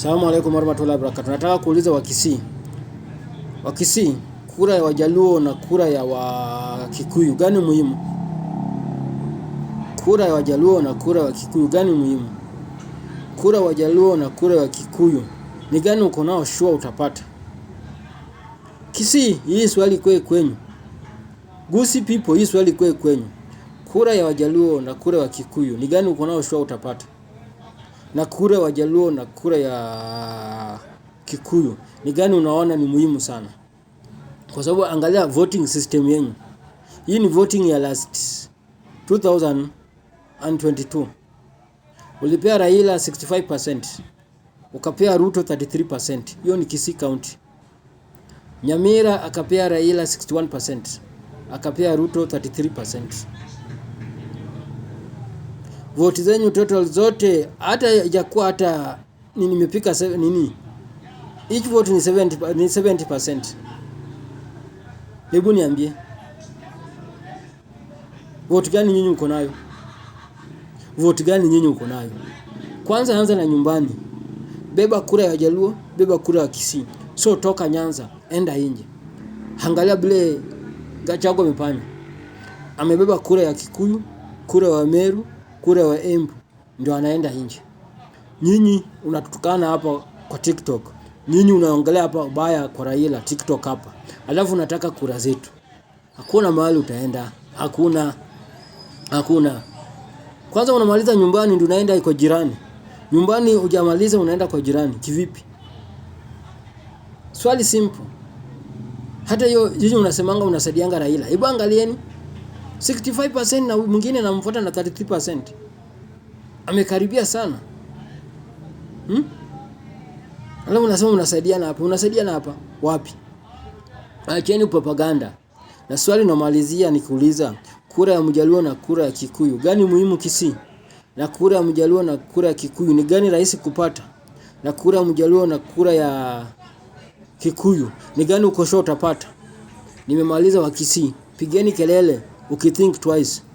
Salamu alaykum warahmatullahi wabarakatuh. Nataka kuuliza Wakisii, Wakisii, kura ya Wajaluo na kura ya Wakikuyu gani muhimu? Kura ya Wajaluo na kura ya Wakikuyu gani muhimu? Kura ya Wajaluo na kura ya Wakikuyu ni gani uko nao shua utapata? Kisii, hii swali kwe kwenyu. Gusi people, hii swali kwe kwenyu. Kura ya Wajaluo na kura ya Wakikuyu ni gani uko nao shua utapata? na kura ya Wajaluo na kura ya Kikuyu ni gani unaona ni muhimu sana? Kwa sababu angalia voting system yenyu, hii ni voting ya last 2022 ulipea Raila 65%, ukapea Ruto 33%. Hiyo ni Kisii County. Nyamira akapea Raila 61%, akapea Ruto 33% voti zenyu total zote, hata ijakuwa hata nimepika nini, each vote ni 70, ni 70%. Hebu niambie voti gani nyinyi mko nayo? Voti gani nyinyi mko nayo? Kwanza anza na nyumbani, beba kura ya Jaluo, beba kura ya Kisii. So toka Nyanza enda nje, angalia bile Gachagua amefanya, amebeba kura ya Kikuyu, kura ya Meru kule wa Embu ndio anaenda nje. Nyinyi unatutukana hapa kwa TikTok. Nyinyi unaongelea hapa ubaya kwa Raila TikTok hapa. Alafu unataka kura zetu. Hakuna mahali utaenda. Hakuna. Hakuna. Kwanza unamaliza nyumbani ndio unaenda kwa jirani. Nyumbani hujamaliza unaenda kwa jirani kivipi? Swali simple. Hata hiyo nyinyi unasemanga unasaidianga Raila. Hebu angalieni 65% na mwingine anamfuata na 33%. Amekaribia sana. Hmm? Alafu unasema unasaidiana hapa, unasaidiana hapa wapi? Acheni propaganda. Na swali namalizia nikuuliza, kura ya Mjaluo na kura ya Kikuyu gani muhimu Kisii? Na kura ya Mjaluo na kura ya Kikuyu ni gani rahisi kupata? Na kura ya Mjaluo na kura ya Kikuyu ni gani ukosho utapata? Nimemaliza wa Kisii, pigeni kelele ukithink twice